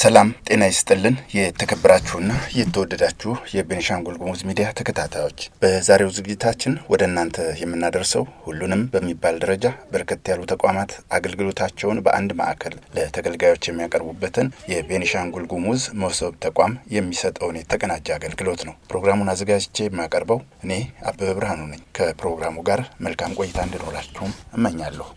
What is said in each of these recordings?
ሰላም ጤና ይስጥልን። የተከበራችሁና የተወደዳችሁ የቤኒሻንጉል ጉሙዝ ሚዲያ ተከታታዮች፣ በዛሬው ዝግጅታችን ወደ እናንተ የምናደርሰው ሁሉንም በሚባል ደረጃ በርከት ያሉ ተቋማት አገልግሎታቸውን በአንድ ማዕከል ለተገልጋዮች የሚያቀርቡበትን የቤኒሻንጉል ጉሙዝ መሶብ ተቋም የሚሰጠውን የተቀናጀ አገልግሎት ነው። ፕሮግራሙን አዘጋጅቼ የማቀርበው እኔ አበበ ብርሃኑ ነኝ። ከፕሮግራሙ ጋር መልካም ቆይታ እንዲኖራችሁም እመኛለሁ።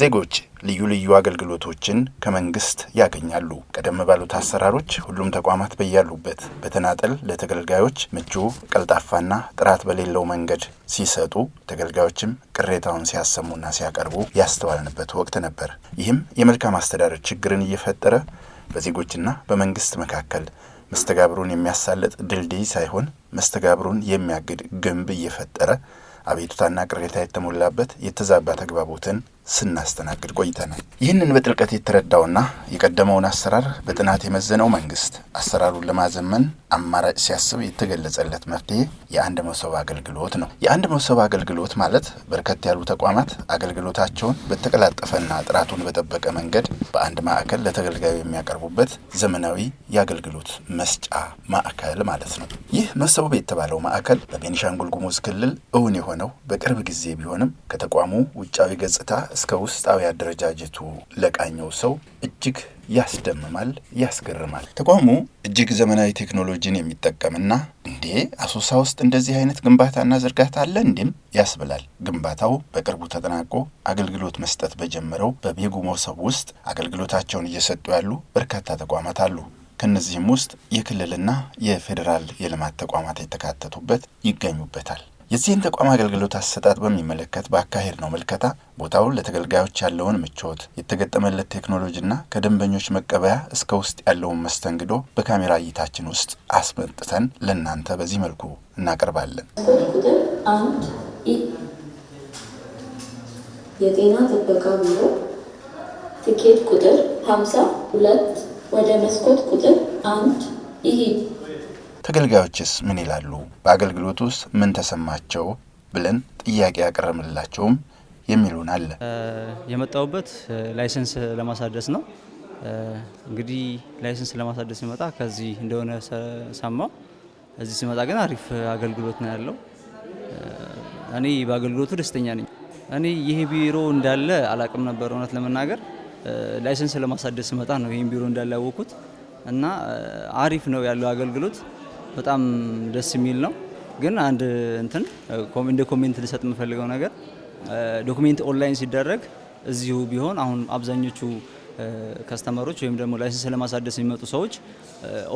ዜጎች ልዩ ልዩ አገልግሎቶችን ከመንግስት ያገኛሉ። ቀደም ባሉት አሰራሮች ሁሉም ተቋማት በያሉበት በተናጠል ለተገልጋዮች ምቹ፣ ቀልጣፋና ጥራት በሌለው መንገድ ሲሰጡ ተገልጋዮችም ቅሬታውን ሲያሰሙና ሲያቀርቡ ያስተዋልንበት ወቅት ነበር። ይህም የመልካም አስተዳደር ችግርን እየፈጠረ በዜጎችና በመንግስት መካከል መስተጋብሩን የሚያሳልጥ ድልድይ ሳይሆን መስተጋብሩን የሚያግድ ግንብ እየፈጠረ አቤቱታና ቅሬታ የተሞላበት የተዛባ ተግባቦትን ስናስተናግድ ቆይተናል። ይህንን በጥልቀት የተረዳውና የቀደመውን አሰራር በጥናት የመዘነው መንግስት አሰራሩን ለማዘመን አማራጭ ሲያስብ የተገለጸለት መፍትሄ የአንድ መሶብ አገልግሎት ነው። የአንድ መሶብ አገልግሎት ማለት በርከት ያሉ ተቋማት አገልግሎታቸውን በተቀላጠፈና ጥራቱን በጠበቀ መንገድ በአንድ ማዕከል ለተገልጋዩ የሚያቀርቡበት ዘመናዊ የአገልግሎት መስጫ ማዕከል ማለት ነው። ይህ መሶብ የተባለው ማዕከል በቤኒሻንጉል ጉሙዝ ክልል እውን የሆነው በቅርብ ጊዜ ቢሆንም ከተቋሙ ውጫዊ ገጽታ እስከ ውስጣዊ አደረጃጀቱ ለቃኘው ሰው እጅግ ያስደምማል፣ ያስገርማል። ተቋሙ እጅግ ዘመናዊ ቴክኖሎጂን የሚጠቀምና እንዴ አሶሳ ውስጥ እንደዚህ አይነት ግንባታና ዝርጋታ አለ እንዴም ያስብላል። ግንባታው በቅርቡ ተጠናቆ አገልግሎት መስጠት በጀመረው በቤጉ መሶብ ውስጥ አገልግሎታቸውን እየሰጡ ያሉ በርካታ ተቋማት አሉ። ከእነዚህም ውስጥ የክልልና የፌዴራል የልማት ተቋማት የተካተቱበት ይገኙበታል። የዚህን ተቋም አገልግሎት አሰጣጥ በሚመለከት በአካሄድ ነው ምልከታ ቦታው ለተገልጋዮች ያለውን ምቾት፣ የተገጠመለት ቴክኖሎጂና ከደንበኞች መቀበያ እስከ ውስጥ ያለውን መስተንግዶ በካሜራ እይታችን ውስጥ አስመጥተን ለእናንተ በዚህ መልኩ እናቀርባለን። የጤና ጥበቃ ቢሮ ትኬት ቁጥር ሁለት ወደ መስኮት ቁጥር አንድ ይሄ ተገልጋዮችስ ምን ይላሉ? በአገልግሎት ውስጥ ምን ተሰማቸው? ብለን ጥያቄ ያቀረብንላቸውም የሚሉን አለ። የመጣውበት ላይሰንስ ለማሳደስ ነው። እንግዲህ ላይሰንስ ለማሳደስ ሲመጣ ከዚህ እንደሆነ ሰማው። እዚህ ሲመጣ ግን አሪፍ አገልግሎት ነው ያለው። እኔ በአገልግሎቱ ደስተኛ ነኝ። እኔ ይሄ ቢሮ እንዳለ አላቅም ነበር እውነት ለመናገር ላይሰንስ ለማሳደስ ሲመጣ ነው ይህን ቢሮ እንዳለ ያወቅኩት እና አሪፍ ነው ያለው አገልግሎት። በጣም ደስ የሚል ነው። ግን አንድ እንትን እንደ ኮሜንት ልሰጥ የምፈልገው ነገር ዶክሜንት ኦንላይን ሲደረግ እዚሁ ቢሆን አሁን አብዛኞቹ ከስተመሮች ወይም ደግሞ ላይሰንስ ለማሳደስ የሚመጡ ሰዎች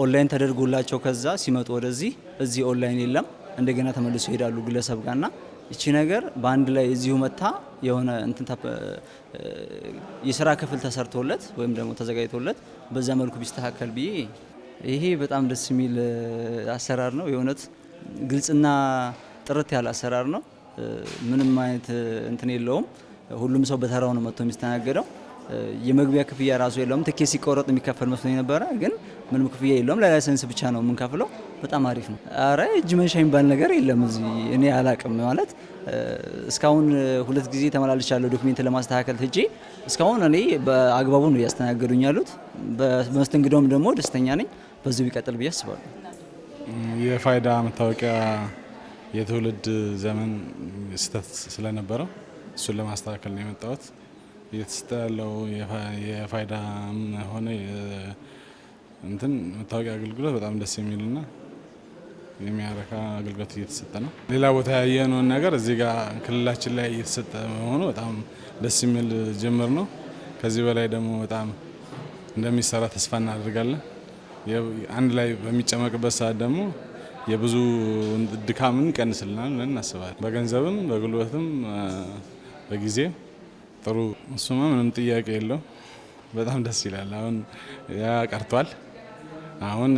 ኦንላይን ተደርጎላቸው ከዛ ሲመጡ ወደዚህ እዚህ ኦንላይን የለም እንደገና ተመልሶ ይሄዳሉ ግለሰብ ጋና እቺ ነገር በአንድ ላይ እዚሁ መታ የሆነ እንትን የስራ ክፍል ተሰርቶለት ወይም ደግሞ ተዘጋጅቶለት በዛ መልኩ ቢስተካከል ብዬ ይሄ በጣም ደስ የሚል አሰራር ነው። የእውነት ግልጽና ጥርት ያለ አሰራር ነው። ምንም አይነት እንትን የለውም። ሁሉም ሰው በተራው ነው መጥቶ የሚስተናገደው። የመግቢያ ክፍያ ራሱ የለውም። ትኬት ሲቆረጥ የሚከፈል መስሎ የነበረ ግን ምንም ክፍያ የለውም። ለላይሰንስ ብቻ ነው የምንከፍለው። በጣም አሪፍ ነው። አረ እጅ መንሻ የሚባል ነገር የለም እዚህ እኔ አላቅም ማለት እስካሁን ሁለት ጊዜ ተመላልቻለሁ ዶክሜንት ለማስተካከል ትጪ እስካሁን እኔ በአግባቡ ነው እያስተናገዱኝ ያሉት። በመስተንግዶም ደግሞ ደስተኛ ነኝ። በዚሁ ቢቀጥል ብዬ አስባለሁ። የፋይዳ መታወቂያ የትውልድ ዘመን ስህተት ስለነበረው እሱን ለማስተካከል ነው የመጣሁት። እየተሰጠ ያለው የፋይዳ ሆነ እንትን መታወቂያ አገልግሎት በጣም ደስ የሚልና የሚያረካ አገልግሎት እየተሰጠ ነው። ሌላ ቦታ ያየነውን ነገር እዚህ ጋር ክልላችን ላይ እየተሰጠ መሆኑ በጣም ደስ የሚል ጅምር ነው። ከዚህ በላይ ደግሞ በጣም እንደሚሰራ ተስፋ እናደርጋለን። አንድ ላይ በሚጨመቅበት ሰዓት ደግሞ የብዙ ድካምን ይቀንስልናል ብለን እናስባለን። በገንዘብም በጉልበትም በጊዜም ጥሩ እሱማ ምንም ጥያቄ የለው። በጣም ደስ ይላል። አሁን ያ ቀርቷል አሁን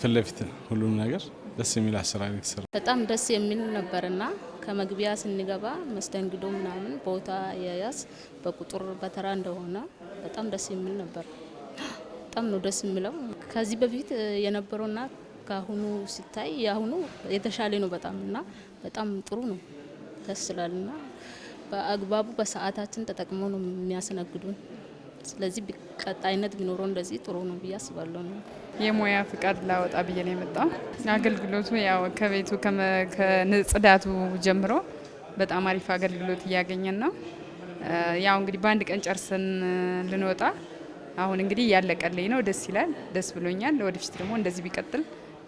ፊት ለፊት ሁሉም ነገር ደስ የሚል አሰራር የተሰራ በጣም ደስ የሚል ነበርና ከመግቢያ ስንገባ መስተንግዶ ምናምን ቦታ የያዝ በቁጥር በተራ እንደሆነ በጣም ደስ የሚል ነበር። በጣም ነው ደስ የሚለው። ከዚህ በፊት የነበረውና ከአሁኑ ሲታይ የአሁኑ የተሻለ ነው በጣም እና በጣም ጥሩ ነው ደስ ስላልና በአግባቡ በሰዓታችን ተጠቅሞ ነው የሚያስነግዱን። ስለዚህ ቀጣይነት ቢኖረው እንደዚህ ጥሩ ነው ብዬ አስባለሁ ነው የሙያ ፍቃድ ላወጣ ብዬ ነው የመጣው አገልግሎቱ ያው ከቤቱ ከንጽዳቱ ጀምሮ በጣም አሪፍ አገልግሎት እያገኘን ነው። ያው እንግዲህ በአንድ ቀን ጨርሰን ልንወጣ አሁን እንግዲህ እያለቀልኝ ነው። ደስ ይላል፣ ደስ ብሎኛል። ወደፊት ደግሞ እንደዚህ ቢቀጥል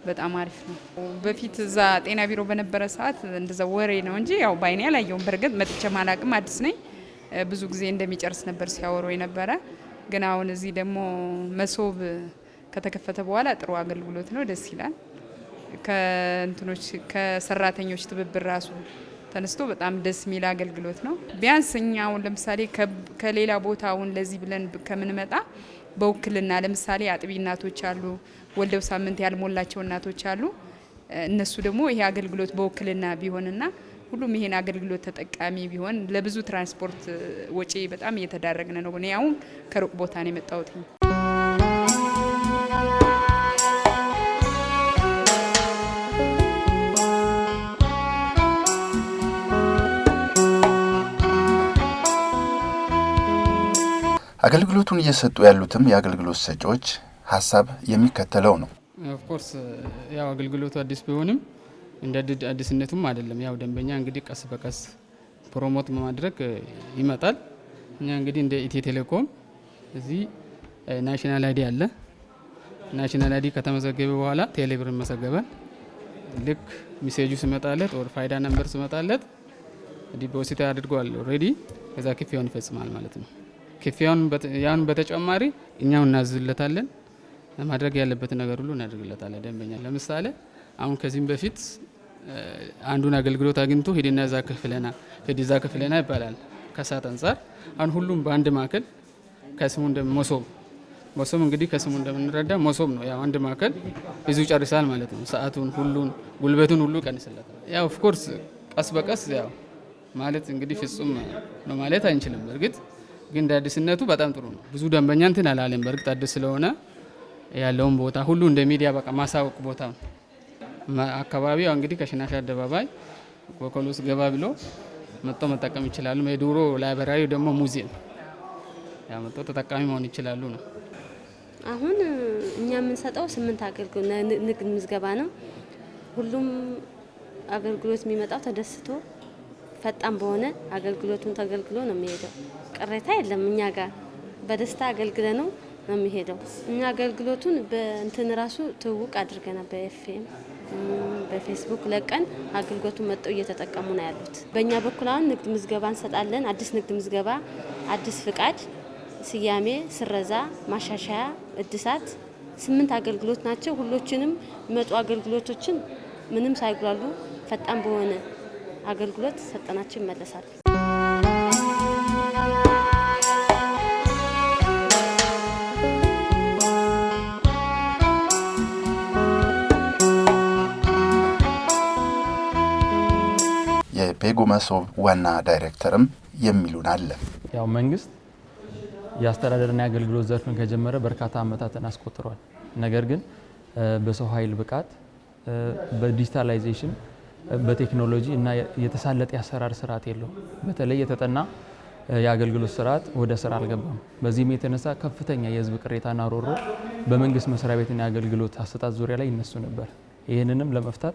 በጣም አሪፍ ነው። በፊት እዛ ጤና ቢሮ በነበረ ሰዓት እንደዛ ወሬ ነው እንጂ ያው ባይኔ አላየውም። በእርግጥ መጥቼ ማላቅም አዲስ ነኝ። ብዙ ጊዜ እንደሚጨርስ ነበር ሲያወሩ የነበረ ግን አሁን እዚህ ደግሞ መሶብ ከተከፈተ በኋላ ጥሩ አገልግሎት ነው፣ ደስ ይላል። ከእንትኖች ከሰራተኞች ትብብር ራሱ ተነስቶ በጣም ደስ የሚል አገልግሎት ነው። ቢያንስ እኛ አሁን ለምሳሌ ከሌላ ቦታ አሁን ለዚህ ብለን ከምንመጣ በውክልና ለምሳሌ አጥቢ እናቶች አሉ፣ ወልደው ሳምንት ያልሞላቸው እናቶች አሉ። እነሱ ደግሞ ይሄ አገልግሎት በውክልና ቢሆንና ሁሉም ይሄን አገልግሎት ተጠቃሚ ቢሆን ለብዙ ትራንስፖርት ወጪ በጣም እየተዳረግን ነው። እኔ ከሩቅ ቦታ ነው የመጣሁት። አገልግሎቱን እየሰጡ ያሉትም የአገልግሎት ሰጪዎች ሀሳብ የሚከተለው ነው። ኦፍኮርስ ያው አገልግሎቱ አዲስ ቢሆንም እንደ አዲስነቱም አይደለም። ያው ደንበኛ እንግዲህ ቀስ በቀስ ፕሮሞት በማድረግ ይመጣል። እኛ እንግዲህ እንደ ኢትዮ ቴሌኮም እዚህ ናሽናል አይዲ አለ። ናሽናል አይዲ ከተመዘገበ በኋላ ቴሌብር መሰገበን ልክ ሚሴጁ ስመጣለት ወር ፋይዳ ነንበር ስመጣለት ዲፖሲት አድርጓል ኦልሬዲ ከዛ ክፍያውን ይፈጽማል ማለት ነው። ክፍያውን በተጨማሪ እኛው እናዝለታለን። ማድረግ ያለበት ነገር ሁሉ እናደርግለታለን። ደንበኛ ለምሳሌ አሁን ከዚህም በፊት አንዱን አገልግሎት አግኝቶ ሂድና እዛ ክፍለና ሂድዛ ክፍለና ይባላል። ከሰዓት አንጻር አሁን ሁሉም በአንድ ማዕከል ከስሙ መሶብ መሶብ እንግዲህ ከስሙ እንደምንረዳ መሶብ ነው። ያው አንድ ማዕከል ይዙ ጨርሳል ማለት ነው። ሰዓቱን ሁሉን ጉልበቱን ሁሉ ቀንስለታል። ያው ኦፍኮርስ ቀስ በቀስ ያው ማለት እንግዲህ ፍጹም ነው ማለት አንችልም እርግጥ ግን አዲስነቱ በጣም ጥሩ ነው። ብዙ ደንበኛ እንትን አላለም። በእርግጥ አዲስ ስለሆነ ያለውን ቦታ ሁሉ እንደ ሚዲያ በቃ ማሳወቅ ቦታ አካባቢው እንግዲህ ከሽናሽ አደባባይ ወኮሎስ ገባ ብሎ መጥቶ መጠቀም ይችላሉ። የዱሮ ላይብራሪ ደግሞ ሙዚየም መጥቶ ተጠቃሚ መሆን ይችላሉ ነው። አሁን እኛ የምንሰጠው ስምንት አገልግሎት ንግድ ምዝገባ ነው። ሁሉም አገልግሎት የሚመጣው ተደስቶ ፈጣን በሆነ አገልግሎቱን ተገልግሎ ነው የሚሄደው። ቅሬታ የለም። እኛ ጋር በደስታ አገልግለ ነው ነው የሚሄደው። እኛ አገልግሎቱን በእንትን ራሱ ትውውቅ አድርገናል። በኤፍኤም በፌስቡክ ለቀን አገልግሎቱን መጠው እየተጠቀሙ ነው ያሉት። በእኛ በኩል አሁን ንግድ ምዝገባ እንሰጣለን። አዲስ ንግድ ምዝገባ፣ አዲስ ፍቃድ፣ ስያሜ፣ ስረዛ፣ ማሻሻያ፣ እድሳት ስምንት አገልግሎት ናቸው። ሁሎችንም መጡ አገልግሎቶችን ምንም ሳይጉላሉ ፈጣን በሆነ አገልግሎት ሰጠናቸው ይመለሳል። የቤጎ መሶብ ዋና ዳይሬክተርም የሚሉን አለ። ያው መንግስት የአስተዳደርና የአገልግሎት ዘርፍን ከጀመረ በርካታ ዓመታትን አስቆጥሯል። ነገር ግን በሰው ኃይል ብቃት በዲጂታላይዜሽን በቴክኖሎጂ እና የተሳለጠ የአሰራር ስርዓት የለውም። በተለይ የተጠና የአገልግሎት ስርዓት ወደ ስራ አልገባም። በዚህም የተነሳ ከፍተኛ የህዝብ ቅሬታና ሮሮ በመንግስት መስሪያ ቤትና የአገልግሎት አሰጣጥ ዙሪያ ላይ ይነሱ ነበር። ይህንንም ለመፍታት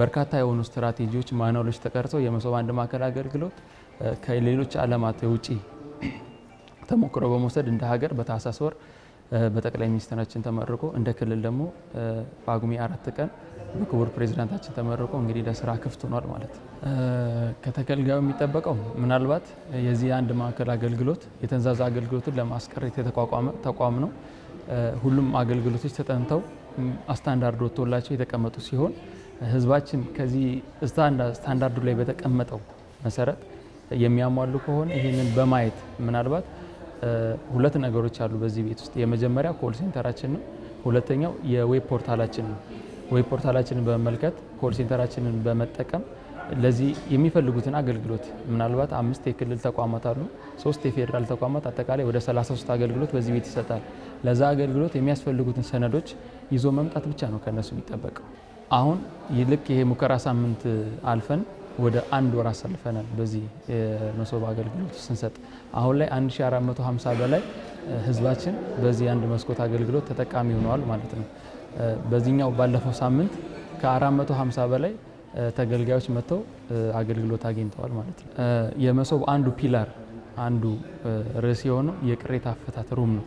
በርካታ የሆኑ ስትራቴጂዎች፣ ማንዋሎች ተቀርተው የመሶብ አንድ ማዕከል አገልግሎት ከሌሎች ዓለማት ውጪ ተሞክሮ በመውሰድ እንደ ሀገር በታህሳስ ወር በጠቅላይ ሚኒስትራችን ተመርቆ እንደ ክልል ደግሞ ጳጉሜ አራት ቀን በክቡር ፕሬዚዳንታችን ተመርቆ እንግዲህ ለስራ ክፍት ሆኗል ማለት ነው። ከተገልጋዩ የሚጠበቀው ምናልባት የዚህ አንድ ማዕከል አገልግሎት የተንዛዛ አገልግሎትን ለማስቀረት የተቋቋመ ተቋም ነው። ሁሉም አገልግሎቶች ተጠንተው ስታንዳርድ ወጥቶላቸው የተቀመጡ ሲሆን ህዝባችን ከዚህ ስታንዳርዱ ላይ በተቀመጠው መሰረት የሚያሟሉ ከሆነ ይህንን በማየት ምናልባት ሁለት ነገሮች አሉ በዚህ ቤት ውስጥ የመጀመሪያ ኮል ሴንተራችን ነው። ሁለተኛው የዌብ ፖርታላችን ነው። ዌብ ፖርታላችንን በመመልከት ኮል ሴንተራችንን በመጠቀም ለዚህ የሚፈልጉትን አገልግሎት ምናልባት አምስት የክልል ተቋማት አሉ፣ ሶስት የፌዴራል ተቋማት አጠቃላይ ወደ 33 አገልግሎት በዚህ ቤት ይሰጣል። ለዛ አገልግሎት የሚያስፈልጉትን ሰነዶች ይዞ መምጣት ብቻ ነው ከነሱ የሚጠበቀው። አሁን ይልቅ ይሄ ሙከራ ሳምንት አልፈን ወደ አንድ ወር አሳልፈናል። በዚህ መሶብ አገልግሎት ስንሰጥ አሁን ላይ 1450 በላይ ህዝባችን በዚህ አንድ መስኮት አገልግሎት ተጠቃሚ ሆነዋል ማለት ነው። በዚህኛው ባለፈው ሳምንት ከ450 በላይ ተገልጋዮች መጥተው አገልግሎት አግኝተዋል ማለት ነው። የመሶብ አንዱ ፒላር አንዱ ርዕስ የሆነው የቅሬታ አፈታት ሩም ነው።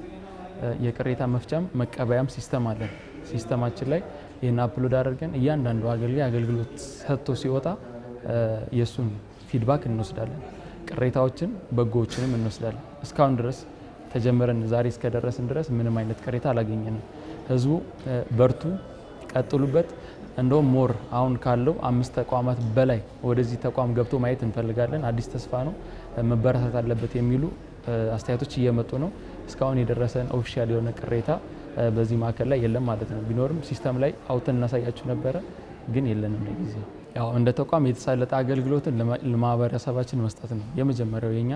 የቅሬታ መፍቻም መቀበያም ሲስተም አለን። ሲስተማችን ላይ ይህን አፕሎድ አድርገን እያንዳንዱ አገልጋይ አገልግሎት ሰጥቶ ሲወጣ የእሱን ፊድባክ እንወስዳለን። ቅሬታዎችን፣ በጎዎችንም እንወስዳለን። እስካሁን ድረስ ተጀምረን ዛሬ እስከደረስን ድረስ ምንም አይነት ቅሬታ አላገኘንም። ህዝቡ በርቱ፣ ቀጥሉበት። እንደውም ሞር አሁን ካለው አምስት ተቋማት በላይ ወደዚህ ተቋም ገብቶ ማየት እንፈልጋለን። አዲስ ተስፋ ነው፣ መበረታት አለበት የሚሉ አስተያየቶች እየመጡ ነው። እስካሁን የደረሰን ኦፊሻል የሆነ ቅሬታ በዚህ ማዕከል ላይ የለም ማለት ነው። ቢኖርም ሲስተም ላይ አውተን እናሳያችሁ ነበረ፣ ግን የለንም ለጊዜ። ያው እንደ ተቋም የተሳለጠ አገልግሎትን ለማህበረሰባችን መስጠት ነው የመጀመሪያው የኛ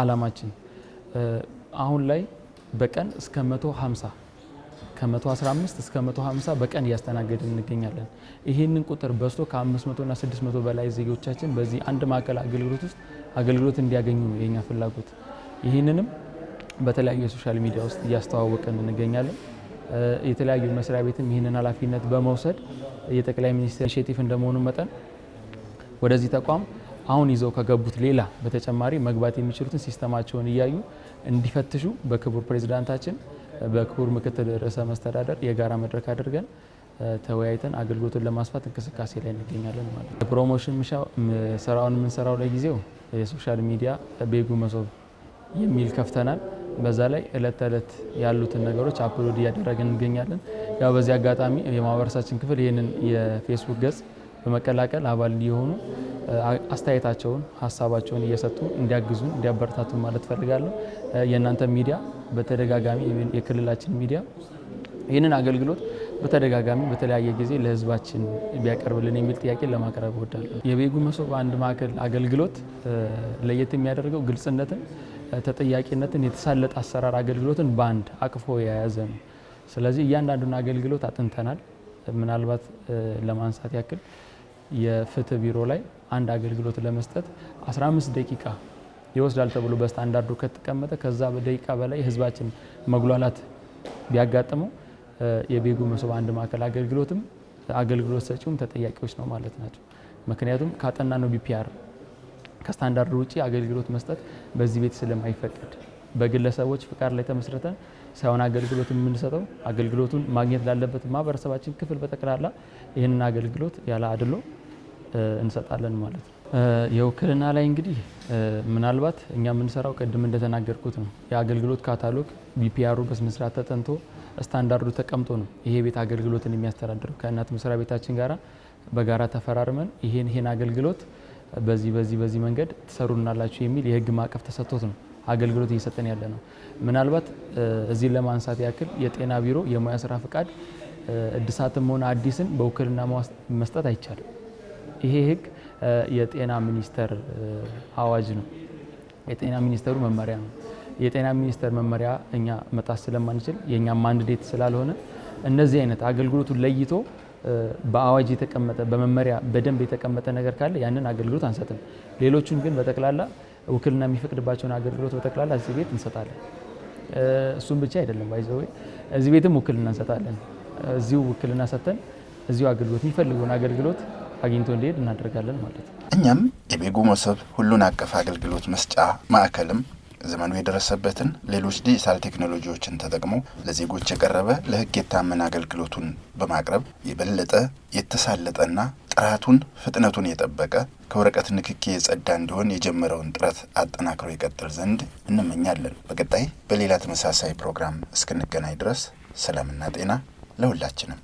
አላማችን። አሁን ላይ በቀን እስከ 150 ከ115 እስከ 150 በቀን እያስተናገድን እንገኛለን። ይህንን ቁጥር በዝቶ ከ500 እና 600 በላይ ዜጎቻችን በዚህ አንድ ማዕከል አገልግሎት ውስጥ አገልግሎት እንዲያገኙ ነው የኛ ፍላጎት። ይህንንም በተለያዩ የሶሻል ሚዲያ ውስጥ እያስተዋወቅን እንገኛለን። የተለያዩ መስሪያ ቤትም ይህንን ኃላፊነት በመውሰድ የጠቅላይ ሚኒስትር ኢኒሼቲቭ እንደመሆኑ መጠን ወደዚህ ተቋም አሁን ይዘው ከገቡት ሌላ በተጨማሪ መግባት የሚችሉትን ሲስተማቸውን እያዩ እንዲፈትሹ በክቡር ፕሬዚዳንታችን በክቡር ምክትል ርዕሰ መስተዳደር የጋራ መድረክ አድርገን ተወያይተን አገልግሎቱን ለማስፋት እንቅስቃሴ ላይ እንገኛለን ማለት ነው። ፕሮሞሽን ስራውን የምንሰራው ለጊዜው የሶሻል ሚዲያ ቤጉ መሶብ የሚል ከፍተናል። በዛ ላይ እለት ተዕለት ያሉትን ነገሮች አፕሎድ እያደረግን እንገኛለን። ያው በዚህ አጋጣሚ የማህበረሰባችን ክፍል ይህንን የፌስቡክ ገጽ በመቀላቀል አባል የሆኑ አስተያየታቸውን፣ ሀሳባቸውን እየሰጡ እንዲያግዙን፣ እንዲያበረታቱን ማለት ፈልጋለሁ። የእናንተ ሚዲያ በተደጋጋሚ የክልላችን ሚዲያ ይህንን አገልግሎት በተደጋጋሚ በተለያየ ጊዜ ለህዝባችን ቢያቀርብልን የሚል ጥያቄ ለማቅረብ እወዳለሁ። የቤጉ መሶብ አንድ ማዕከል አገልግሎት ለየት የሚያደርገው ግልጽነትን፣ ተጠያቂነትን፣ የተሳለጠ አሰራር አገልግሎትን በአንድ አቅፎ የያዘ ነው። ስለዚህ እያንዳንዱን አገልግሎት አጥንተናል። ምናልባት ለማንሳት ያክል የፍትህ ቢሮ ላይ አንድ አገልግሎት ለመስጠት 15 ደቂቃ ይወስዳል ተብሎ በስታንዳርዱ ከተቀመጠ ከዛ በደቂቃ በላይ ህዝባችን መጉላላት ቢያጋጥመው የቤጉ መሶብ አንድ ማዕከል አገልግሎትም አገልግሎት ሰጪውም ተጠያቂዎች ነው ማለት ናቸው። ምክንያቱም ካጠና ነው ቢፒአር ከስታንዳርድ ውጪ አገልግሎት መስጠት በዚህ ቤት ስለማይፈቀድ በግለሰቦች ፍቃድ ላይ ተመስረተ ሳይሆን አገልግሎት የምንሰጠው አገልግሎቱን ማግኘት ላለበት ማህበረሰባችን ክፍል በጠቅላላ ይህንን አገልግሎት ያለ አድሎ እንሰጣለን ማለት ነው። የውክልና ላይ እንግዲህ ምናልባት እኛ የምንሰራው ቅድም እንደተናገርኩት ነው። የአገልግሎት ካታሎግ ቢፒአሩ በስነስርዓት ተጠንቶ ስታንዳርዱ ተቀምጦ ነው ይሄ ቤት አገልግሎትን የሚያስተዳድረው። ከእናት መስሪያ ቤታችን ጋራ በጋራ ተፈራርመን ይሄን ይሄን አገልግሎት በዚህ በዚህ በዚህ መንገድ ትሰሩናላችሁ የሚል የህግ ማዕቀፍ ተሰጥቶት ነው አገልግሎት እየሰጠን ያለ ነው። ምናልባት እዚህ ለማንሳት ያክል የጤና ቢሮ የሙያ ስራ ፍቃድ እድሳትም ሆነ አዲስን በውክልና መስጠት አይቻልም። ይሄ ህግ የጤና ሚኒስቴር አዋጅ ነው፣ የጤና ሚኒስቴሩ መመሪያ ነው። የጤና ሚኒስቴር መመሪያ እኛ መጣስ ስለማንችል የእኛ ማንዴት ስላልሆነ እነዚህ አይነት አገልግሎቱን ለይቶ በአዋጅ የተቀመጠ በመመሪያ በደንብ የተቀመጠ ነገር ካለ ያንን አገልግሎት አንሰጥም። ሌሎቹን ግን በጠቅላላ ውክልና የሚፈቅድባቸውን አገልግሎት በጠቅላላ እዚህ ቤት እንሰጣለን። እሱም ብቻ አይደለም፣ ባይዘዌ እዚህ ቤትም ውክልና እንሰጣለን። እዚሁ ውክልና ሰጥተን እዚሁ አገልግሎት የሚፈልገውን አገልግሎት አግኝቶ እንዲሄድ እናደርጋለን ማለት ነው። እኛም የቤጎ መሶብ ሁሉን አቀፍ አገልግሎት መስጫ ማዕከልም ዘመኑ የደረሰበትን ሌሎች ዲጂታል ቴክኖሎጂዎችን ተጠቅሞ ለዜጎች የቀረበ ለሕግ የታመነ አገልግሎቱን በማቅረብ የበለጠ የተሳለጠና ጥራቱን ፍጥነቱን የጠበቀ ከወረቀት ንክኪ የጸዳ እንዲሆን የጀመረውን ጥረት አጠናክሮ ይቀጥል ዘንድ እንመኛለን። በቀጣይ በሌላ ተመሳሳይ ፕሮግራም እስክንገናኝ ድረስ ሰላምና ጤና ለሁላችንም